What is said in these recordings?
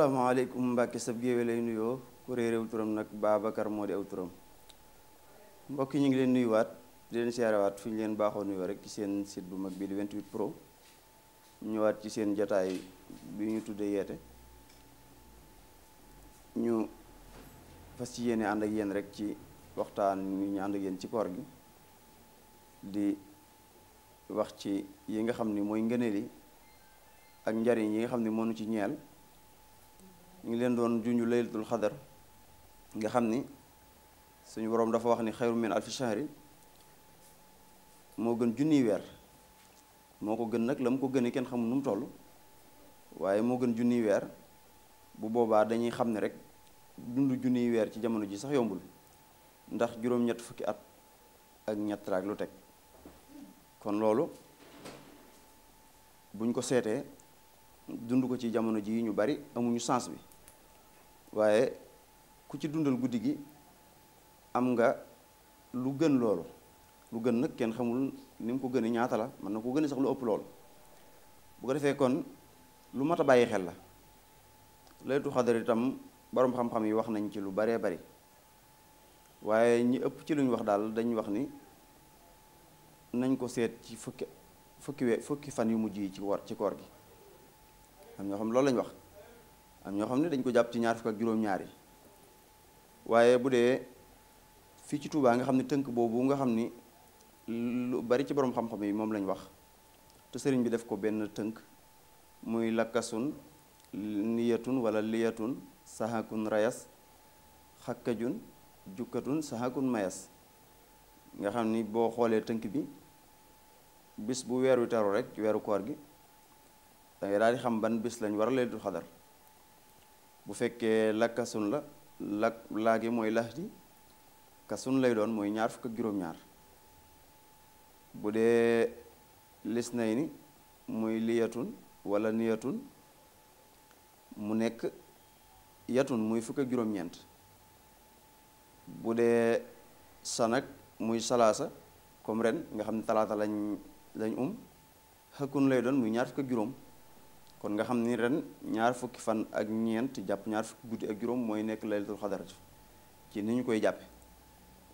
asalaamaaleykum Mbàkke sab géewee lay nuyoo kuréel réew nag Babacar moo di aw turam ñu ngi leen nuyuwaat di leen siyaarewaat fi ñu leen baaxoo nuyoo rek ci seen site bu mag bii di 28 pro ñëwaat ci seen jataay bi ñu tuddee yeete ñu fas ci yéene ànd ak yéen rek ci waxtaan ñu ànd ak yéen ci koor gi di wax ci yi nga xam ni mooy ngëneel yi ak njariñ yi nga xam ni mënu ci ñeel ñu ngi leen doon junju laylatul xadar nga xam ni suñu boroom dafa wax ni xayru min alfi moo gën junni weer moo ko gën nag la mu ko gënee kenn xamul nu mu toll waaye moo gën junni weer bu boobaa dañuy xam ne rek dund junniy weer ci jamono ji sax yombul ndax juróom-ñett fukki at ak ñett raak lu teg kon loolu buñ ko seetee dund ko ci jamono ji ñu bari amuñu sens bi waaye ku ci dundal guddi gi am nga lu gën loolu lu gën nag kenn xamul ni mu ko gënee ñaata la mën na koo gën a sax lu ëpp loolu bu ko defee kon lu mat a bàyyi xel la laytu xadar itam boroom xam-xam yi wax nañ ci lu baree bari waaye ñi ëpp ci lu wax daal dañ wax ni nañ ko seet ci fukki fukki we fukki fan yu mujj yi ci war ci koor gi xam ñoo xam loolu lañ wax am ñoo xam ne dañ ko jàpp ci ñaar fukk ak juróom-ñaar yi waaye bu dee fii ci Touba nga xam ne tënk boobu nga xam ni bari ci borom xam-xam yi moom lañ wax te sëriñ bi def ko benn tënk muy lakkasun niyatun wala liyatun sahakun rayas xakkajun jukkatun sahakun mayas nga xam ni boo xoolee tënk bi bis bu weer wi teru rek weeru koor gi dangay daal di xam ban bis lañ war a du xadar bu fekkee lakkasun la lak yi mooy laxdi kasun lay doon mooy ñaar fukk ak juróom-ñaar bu dee lis nay ni muy liyatun walla niyatun mu nekk yatun muy fukk ak juróom-ñeent bu dee sa nag muy salaasa comme ren nga xam ne talaata lañ lañ um xëkkun lay doon muy ñaar fukk ak juróom kon nga xam ni ren ñaar fukki fan ak ñeent jàpp ñaar fukki guddi ak juróom mooy nekk laylatul xadar ci ni ñu koy jàppe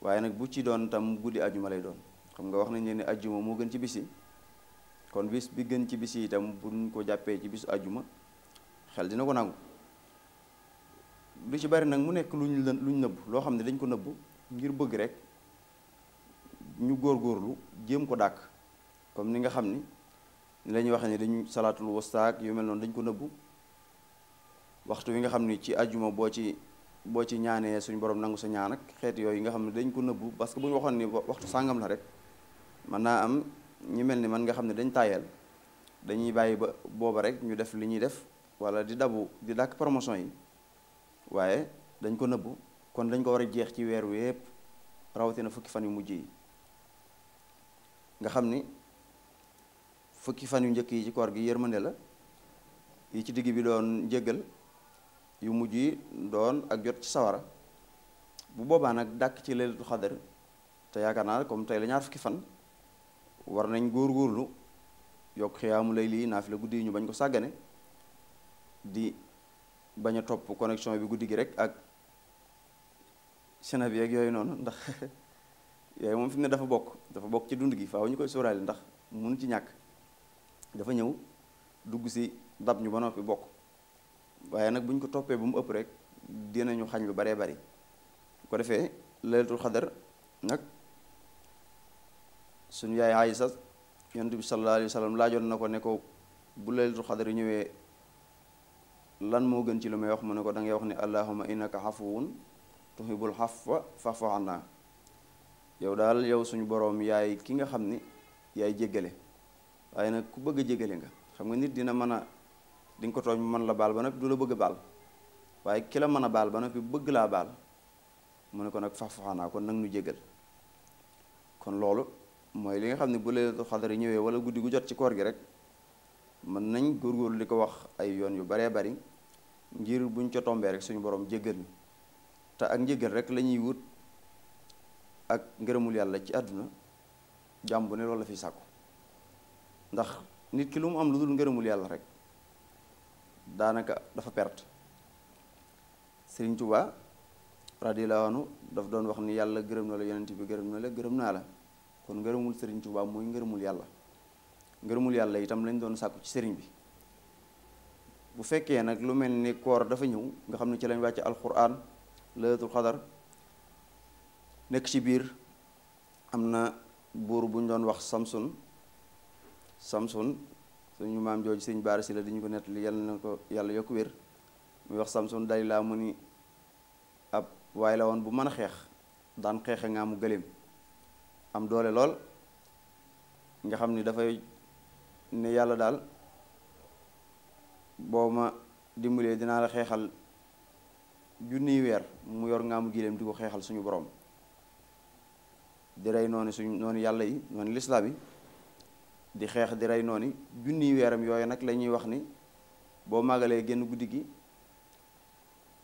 waaye nag bu ci doon tam guddi ajuma lay doon xam nga wax nañ leen ne ajuma moo gën ci bis yi kon bis bi gën ci bis yi itam buñ ko jàppee ci bisu ajuma xel dina ko nangu lu ci bari nag mu nekk luñ luñ nëbb loo xam ne dañ ko nëbb ngir bëgg rek ñu góor góorlu jéem ko dàkk comme ni nga xam ni ni la ñuy waxee ne dañu salaatul wastaak yu mel noonu dañ ko nëbbu waxtu wi nga xam ni ci ajjuma boo ci boo ci ñaanee suñu borom nangu sa ñaan xeet yooyu nga xam ne dañ ko nëbbu parce que bu ñu waxoon ni waxtu sàngam la rek mën naa am ñu mel ni man nga xam ne dañ tàyyal dañuy bàyyi ba booba rek ñu def li ñuy def wala di dabu di dàkk promotion yi waaye dañ ko nëbbu kon dañ ko war a jeex ci weer wi yépp rawatina fukki fan yu mujj yi nga xam ni fukki fan yu njëkk yi ci koor gi yërmande la yi ci digg bi doon njëggal yu mujj yi doon ak jot ci sawara bu boobaa nag dàkk ci leelatu xadar te yaakaar naa comme tey la ñaar fukki fan war nañ góor-góorlu yokk xiyaamu lay lii naafila guddi yi ñu bañ ko sàggane di bañ a topp connexion bi guddi gi rek ak sena bi ak yooyu noonu ndax yooyu moom fi ne dafa bokk dafa bokk ci dund gi faw ñu koy sóoraale ndax mënu ci ñàkk dafa ñëw dugg si dab ñu ba noppi bokk waaye nag bu ñu ko toppee bu mu ëpp rek dinañu xañ lu baree bari ko defee laylatul xadar nag suñu yaay Aysa yonent bi sallallahu alayhi wa laajoon na ko ne ko bu laylatul xadar yi ñëwee lan moo gën ci lu may wax mu ne ko dangay da ngay wax ne allahumma innaka xafuwun tuhibbul xafwa fa'fu anna yow daal yow suñu boroom yaay ki nga xam ni yaay jéggale waaye nag ku bëgg a nga xam nga nit dina mën a di ko tooñ mën la baal ba nag du la bëgg baal waaye ki la mën a baal ba noppi bëgg laa baal mu ne ko nag fax-faxaanaa kon nag nu jégal kon loolu mooy li nga xam ne bu laylatul xadar ñëwee wala guddi gu jot ci koor gi rek mën nañ góor góor li ko wax ay yoon yu baree bari ngir buñ ca tombee rek suñu borom jéggal ñu te ak njëgal rek lañuy wut ak ngërëmul yàlla ci àdduna jàmbu ne loolu la fi sàkku ndax nit ki lu mu am lu dul ngërëmul yàlla rek daanaka dafa pert Sëriñ Tuubaa radiyallaahu anhu daf doon wax ni yàlla gërëm na la yonent bi gërëm na la gërëm naa la kon ngërëmul Sëriñ tubaa mooy ngërëmul yàlla ngërëmul yàlla itam lañ doon sàkku ci sëriñ bi bu fekkee nag lu mel ni koor dafa ñëw nga xam ne ci lañ wàcce alquran laylatul xadar nekk ci biir am na buur bu ñu doon wax samsun samsun suñu maam jooju sëñ baara si la di ñu ko nettali yal na ko yàlla yokk wér muy wax samsun day laa mu ni ab waaye la bu mën a xeex daan xeexe nga mu gëléem am doole lool nga xam ni dafay ne yàlla daal boo ma dimbalee dinaa la xeexal junniy weer mu yor ngaamu gileem di ko xeexal suñu boroom di rey noonu suñu noonu yàlla yi noonu lislaam yi di xeex di rey noonu junniy weeram yooyu nag lañuy wax ni boo màggalee génn guddi gi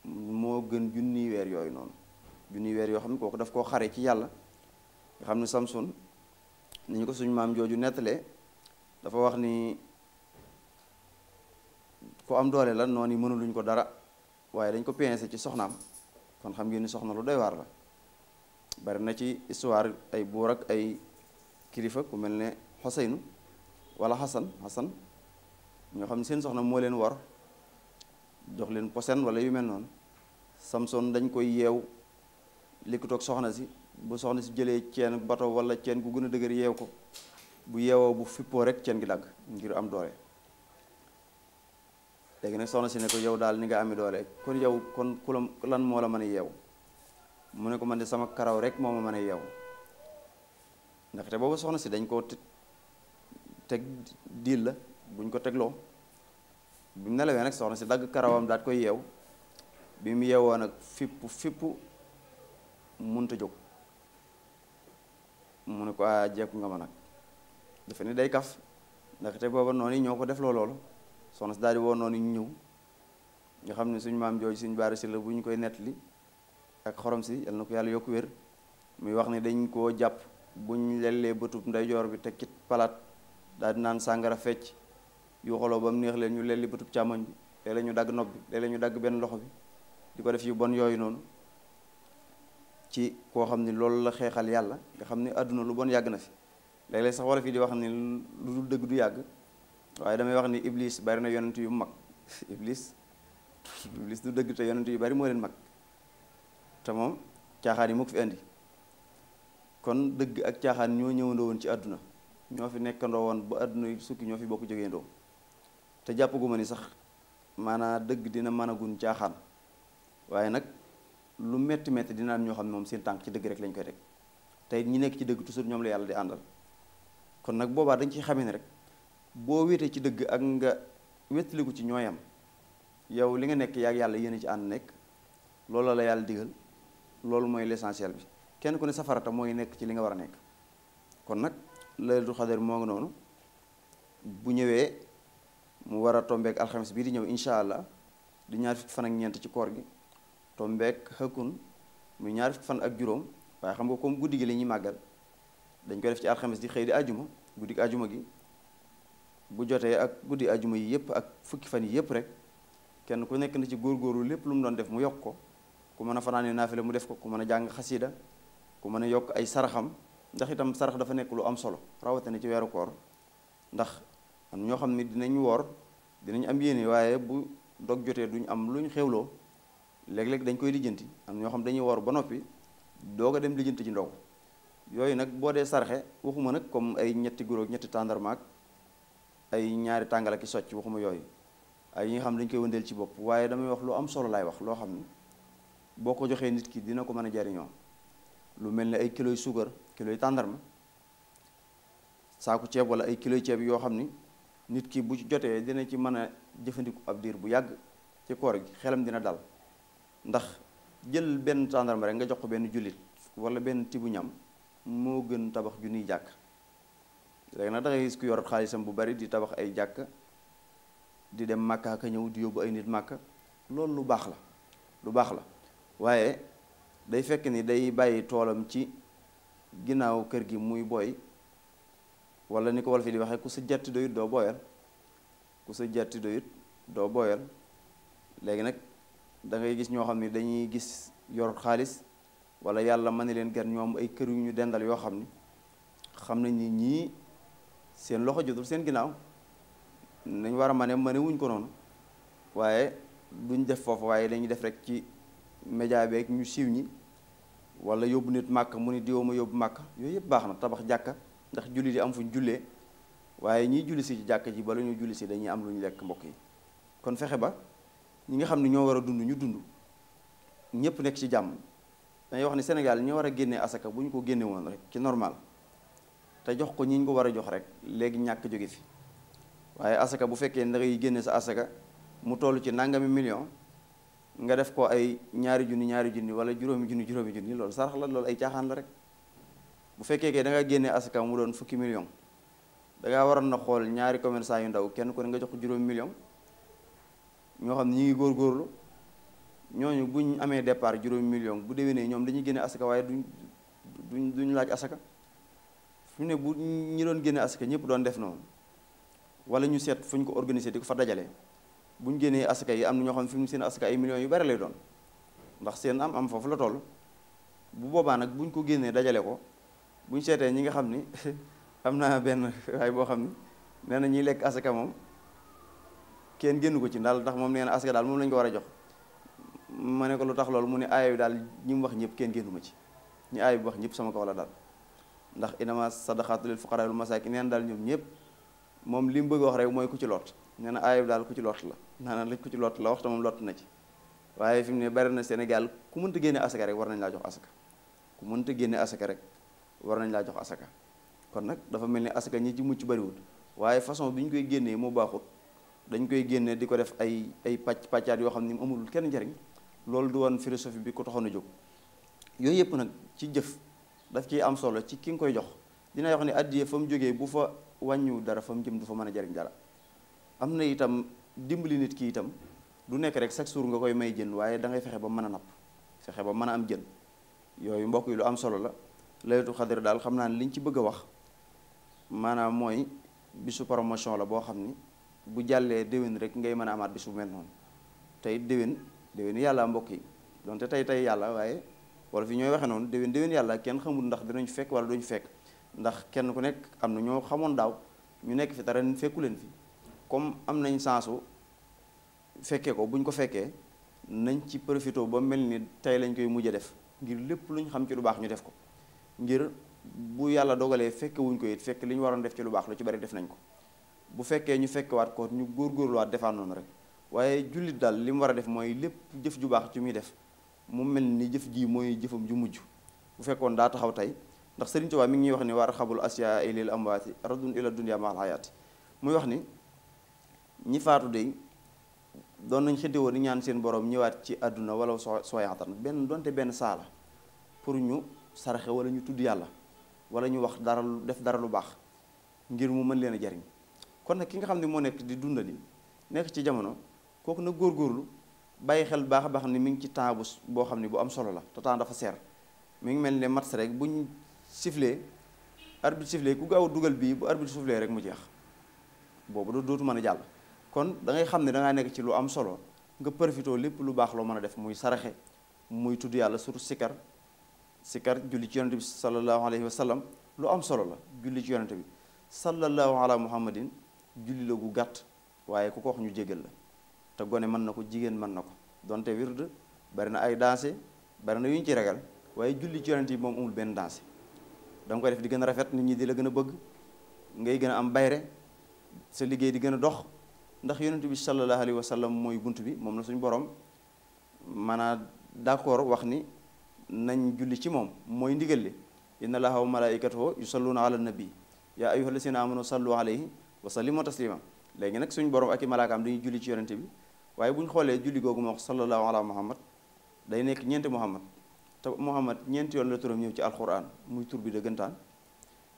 moo gën junni weer yooyu noonu junni weer yoo xam ne kooku daf koo xare ci yàlla xam ne Samson ni ñu ko suñ maam jooju nettalee dafa wax ni ku am doole la noonu mënuluñ ko dara waaye dañ ko pincé ci soxnaam kon xam ngeen ni soxna lu doy waar la bari na ci histoire ay buur ak ay kilifa ku mel ne Xoseynu wala xasan xasan ñoo xam seen soxna moo leen war jox leen posen wala yu mel noonu samson dañ koy yeew likkitoog soxna si bu soxna si jëlee ceen bato wala ceen gu gën a dëgër yeew ko bu yeewoo bu fippoo rek ceen gi dagg ngir am doole léegi nag soxna si ne ko yow daal ni nga amee doole kon yow kon ku lan moo la mën a yeew mu ne ko man de sama karaw rek moo ma mën a yeew ndaxte boobu soxna si dañ koo teg diil la buñ ko tegloo bi mu nelawee nag soxna si dagg karawam daat koy yeew bi mu yeewoo nag fippu fippu munta jóg mu ne ko a ah, jekku nga ma nag dafa ni day kaf ndaxte booba noonu ñoo ko def loolu soxna si daal woo noonu ñu ñëw ñu xam ne suñ maam jooju suñu baara si la bu ñu koy nettali ak xorom si yal na ko yàlla yokk wér muy wax ni dañ koo jàpp buñ lellee bëtub ndeyjoor bi teg palaat daal di naan sàngara fecc yu xoloo ba neex leen ñu lelli bëtub càmmoñ bi léeg-léeg ñu dagg nopp bi léeg-léeg ñu dagg benn loxo bi di ko def yu bon yooyu noonu ci koo xam ni loolu la xeexal yàlla nga xam ni àdduna lu bon yàgg na fi léeg-léeg sax wala fii di wax ni lu dul dëgg du yàgg waaye damay wax ni iblis bari na yonent yu mag iblis iblis du dëgg te yonent yu bari moo leen mag te moom caaxaan yi mu ko fi indi kon dëgg ak caaxaan ñoo ñëwandoo woon ci àdduna ñoo fi nekkandoo woon ba àdduna sukki ñoo fi bokk jógeendoo te jàppaguma ni sax maanaam dëgg dina mën a gun caaxaan waaye nag lu metti metti dina am ñoo xam ne moom seen tànk ci dëgg rek lañ koy teg tey ñi nekk ci dëgg toujours ñoom la yàlla di àndal kon nag boobaa dañ ciy xamee ne rek boo wéetee ci dëgg ak nga wéttaliku ci ñooyam yow li nga nekk yaa yàlla yéen ci ànd nekk loolu la yàlla digal loolu mooy l'essentiel bi kenn ku ne safarata mooy nekk ci li nga war a nekk du xadar moo ngi noonu bu ñëwee mu war a tombeek alxames bii di ñëw incha allah di ñaar fukki fan ak ñeent ci koor gi tombeek xëkkun muy ñaar fukki fan ak juróom waaye xam nga comme guddi gi lañuy ñuy màggal dañ koy def ci alxames di xëy di ajuma guddi ajuma gi bu jotee ak guddi ajuma yi yëpp ak fukki fan yi yëpp rek kenn ku nekk na ci góorgóorlu lépp lu mu doon def mu yokk ko ku mën a fanaane naafila mu def ko ku mën a jàng xasida ku mën a yokk ay saraxam ndax itam sarax dafa nekk lu am solo rawatina ci weeru koor ndax am ñoo xam ni dinañ woor dinañ am yéene waaye bu dog jotee duñu am lu ñu xewloo léeg-léeg dañ koy lijjanti am ñoo xam dañuy woor ba noppi doo ko dem lijjanti ci ndogu yooyu nag boo dee sarxe waxuma nag comme ay ñetti guróog ñetti tàndarmaak ay ñaari tàngal ak i socc waxuma yooyu ay yi nga xam dañ koy wëndeel ci bopp waaye damay wax lu am solo laay wax loo xam ni boo ko joxee nit ki dina ko mën a jariñoo lu mel ni ay kilo yu suukar kilo yu tàndarma saaku ceeb wala ay kilo ceeb yoo xam ni nit ki bu jotee dina ci mën a jëfandiku ab diir bu yàgg ci koor gi xelam dina dal ndax jël benn tàndarma rek nga jox ko benn jullit wala benn tibu ñam moo gën tabax nuy jàkk léegi nag da ngay gis ku yor xaalisam bu bari di tabax ay jàkk di dem màkka ak ñëw di yóbbu ay nit màkka loolu lu baax la lu baax la waaye day fekk ni day bàyyi toolam ci ginnaaw kër gi muy boy wala ni ko wolof yi di waxee ku sa jatti doyut doo booyal ku sa jatti doyut doo booyal léegi nag dangay gis ñoo xam ni dañuy gis yor xaalis walla yàlla ma ne leen gan ñoom ay kër yu ñu dendal yoo xam ni xam nañ ni ñii seen loxo jotul seen ginnaaw nañ war a mane ne wuñ ko noonu waaye duñ def foofu waaye dañuy def rek ci média beeg ñu siiw ñi wala yóbbu nit màkk mu ni diwoo ma yóbbu màkk yooyu yëpp baax na tabax jàkka ndax julli di am fuñ jullee waaye ñiy julli si ci jàkk ji bala ñu julli si dañuy am lu ñu lekk mbokk yi kon fexe ba ñi nga xam ni ñoo war a dund ñu dund ñëpp nekk ci jàmm dañuy wax ne Sénégal ñu war a génnee asaka bu ñu ko génne woon rek ci normal te jox ko ñi ñu ko war a jox rek léegi ñàkk jóge fi waaye asaka bu fekkee da yi génne sa asaka mu toll ci nangami million nga def ko ay ñaari junni ñaari junni wala juróomi junni juróomi junni loolu sarax la loolu ay caaxaan la rek bu fekkee ke da génne génnee asaka mu doon fukki million da ngaa waroon na xool ñaari commerçant yu ndaw kenn ku ne nga jox ko juróomi million ñoo xam ne ñu ngi góorgóorlu ñooñu buñ amee départ juróomi million bu déwénee ñoom dañuy génne asaka waaye duñ duñ duñ laaj asaka fu ne bu ñi doon génne asaka ñëpp doon def noonu wala ñu seet fu ñu ko organiser di ko fa dajale bu ñu génnee asaka yi am na ñoo xam ne fi mu seen asaka ay millions yu bari lay doon ndax seen am am foofu la toll bu boobaa nag bu ñu ko génnee dajale ko bu ñu seetee ñi nga xam ni am naa benn waay boo xam ne nee na ñuy lekk asaka moom kenn génn ko ci daal ndax moom nee na asaka daal moom lañ ko war a jox ma ne ko lu tax loolu mu ne aaya bi daal ñi mu wax ñëpp kenn génnu ma ci ñi aaya bi wax ñëpp sama kaw la daal ndax inama sadaqatu lil fuqara wal masakin neen daal ñoom ñëpp moom li bëgg wax rek mooy ku ci lot nee na aaya daal ku ci lot la naanaan lañ ku ci lot la waxta moom lot na ci waaye fi mu ne bari na Sénégal ku mënta génne asaka rek war nañ laa jox asaka ku mënta génne asaka rek war nañ laa jox asaka kon nag dafa mel ni asaka ñi ci mucc bariwul waaye façon bi ñu koy génnee moo baaxut dañ koy génne di ko def ay ay pàcc pàccaat yoo xam ne amul kenn njariñ loolu du woon philosophie bi ko taxoon na jóg yooyu yëpp nag ci jëf daf ciy am solo ci ki nga koy jox dina wax ne mu jógee bu fa wàññiwul dara fa mu jëm du fa mën a jariñ dara am na itam dimbali nit ki itam du nekk rek chaque jour nga koy may jën waaye da fexe ba mën a napp fexe ba mën a am jën yooyu mbokk yi lu am solo la laytu xadar daal xam naa ne liñ ci bëgg a wax maanaam mooy bisu promotion la boo xam ni bu jàllee déwén rek ngay mën a amaat bisu mel noonu tey déwén déwén yàlla mbokk yi donte tey tey yàlla waaye wala fi ñooy waxe noonu déwén déwén yàlla kenn xamul ndax dinañ fekk wala duñ fekk ndax kenn ku nekk am na ñoo xamoon daaw ñu nekk fi dara fekku leen fi comme am nañ sansu fekkee ko buñ ko fekkee nañ ci profité ba mel ni tey lañ koy mujj def ngir lépp lu ñu xam ci lu baax ñu def ko ngir bu yàlla dogalee fekke wuñ ko it fekk li ñu waroon def ci lu baax lu ci bari def nañ ko bu fekkee ñu fekkewaat ko ñu góorgóorluwaat defaat noonu rek waaye jullit daal li mu war a def mooy lépp jëf ju baax ci muy def mu mel ni jëf jii mooy jëfam ju mujj bu fekkoon daa taxaw tey ndax Sëriñ Tuubaa mi ngi ñuy wax ni waar xabul asiyaa lil amwaati radun ila dunya ma al hayaati muy wax ni ñi faatu de doon nañ xëddewoo di ñaan seen boroom ñëwaat ci àdduna wala soo sooyaatan benn donte benn saala pour ñu saraxe wala ñu tudd yàlla wala ñu wax dara lu def dara lu baax ngir mu mën leen a jariñ kon nag ki nga xam ne moo nekk di dundali nekk ci jamono kooku nag góorlu bàyyi xel baax baax ni mi ngi ci temps boo xam ne bu am solo la te temps dafa seer mi ngi sifflé arbitre sifflé ku gaaw a dugal bii bu arbitre sifflé rek mu jeex boobu dootu mën a jàll kon da ngay xam ne da nekk ci lu am solo nga profité lépp lu baax loo mën a def muy saraxe muy tudd yàlla surtout sikar sikar julli ci yonente bi sallallahu alayhi wa sallam lu am solo la julli ci yonente bi sallallahu ala muhammadin julli la gu gàtt waaye ku ko wax ñu jégal la te gone mën na ko jigéen mën na ko donte wird bari na ay danse bari na yu ñu ci ragal waaye julli ci yonente bi moom amul benn danse da nga koy def di gën a rafet nit ñi di la gën a bëgg ngay gën a am bayre sa liggéey di gën a dox ndax yonent bi sallallahu alayhi wa sallam mooy bunt bi moom la suñu borom maanaam d'accord wax ni nañ julli ci moom mooy ndigal li inna allaha wa malaikatahu yusalluna ala nabi yaa ayyuha alladhina amanu sallu alayhi wa sallimu taslima léegi nag suñu borom ak i malaakaam dañuy julli ci yonent bi waaye bu xoolee julli googu moo wax sallallahu ala muhammad day nekk ñeenti muhammad te Muhammad ñeenti yoon la turam ñëw ci alquran muy tur bi dëggantaan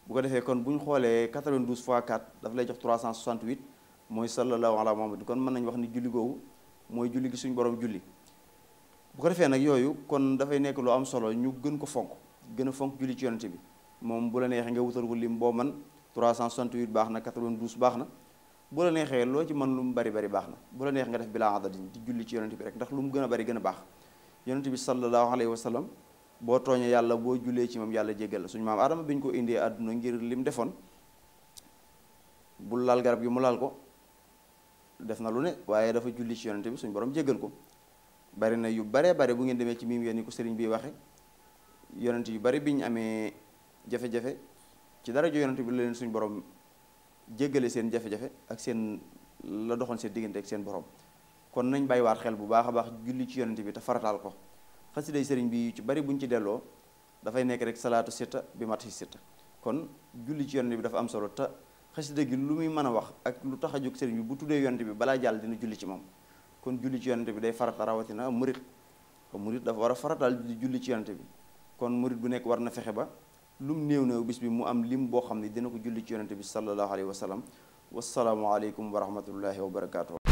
bu ko defee kon bu ñu xoolee 92 fois 4 daf lay jox 368 mooy sallallahu ala Muhammad kon mën nañ wax ni julli googu mooy julli gi suñu borom julli bu ko defee nag yooyu kon dafay nekk lu am solo ñu gën ko fonk gën a fonk julli ci yonente bi moom bu la neexee nga wutal ko lim boo man 368 baax na 92 baax na bu la neexee loo ci mën lu mu bari bari baax na bu la neex nga def bilaa adadin di julli ci yonente bi rek ndax lu mu gën a gën a baax yonent bi sallallahu alayhi wa sallam boo tooñee yàlla boo jullee ci moom yàlla jéggal la suñu maam Adama bi ñu ko indee àdduna ngir lim defoon bu laal garab gi mu laal ko def na lu ne waaye dafa julli ci yonent bi suñ borom jéggal ko bari na yu baree bare bu ngeen demee ci miim yéen ko sëriñ bi waxe yonent yu bari bi amee jafe ci dara jo bi leen suñu borom jéggale seen jafe-jafe ak seen la doxoon seen diggante ak seen borom kon nañ bàyyiwaat xel bu baax a baax julli ci yonent bi te farataal ko xasiday sëriñ bi ci bari buñ ci delloo dafay nekk rek salaatu sitta bi mat si sitta kon julli ci yonent bi dafa am solo te xasida gi lu muy mën a wax ak lu tax a jóg sëriñ bi bu tuddee yonent bi balaa jàll dina julli ci moom kon julli ci yonent day farata rawatina murit murit dafa war a farataal julli ci yonent bi kon murit bu nekk war na fexe ba lum néew néew bis bi mu am lim boo xam ne dina ko julli ci yonent bi sallallahu alayhi wa sallam wasalaamualeykum wa rahmatullahi wa barakaatu.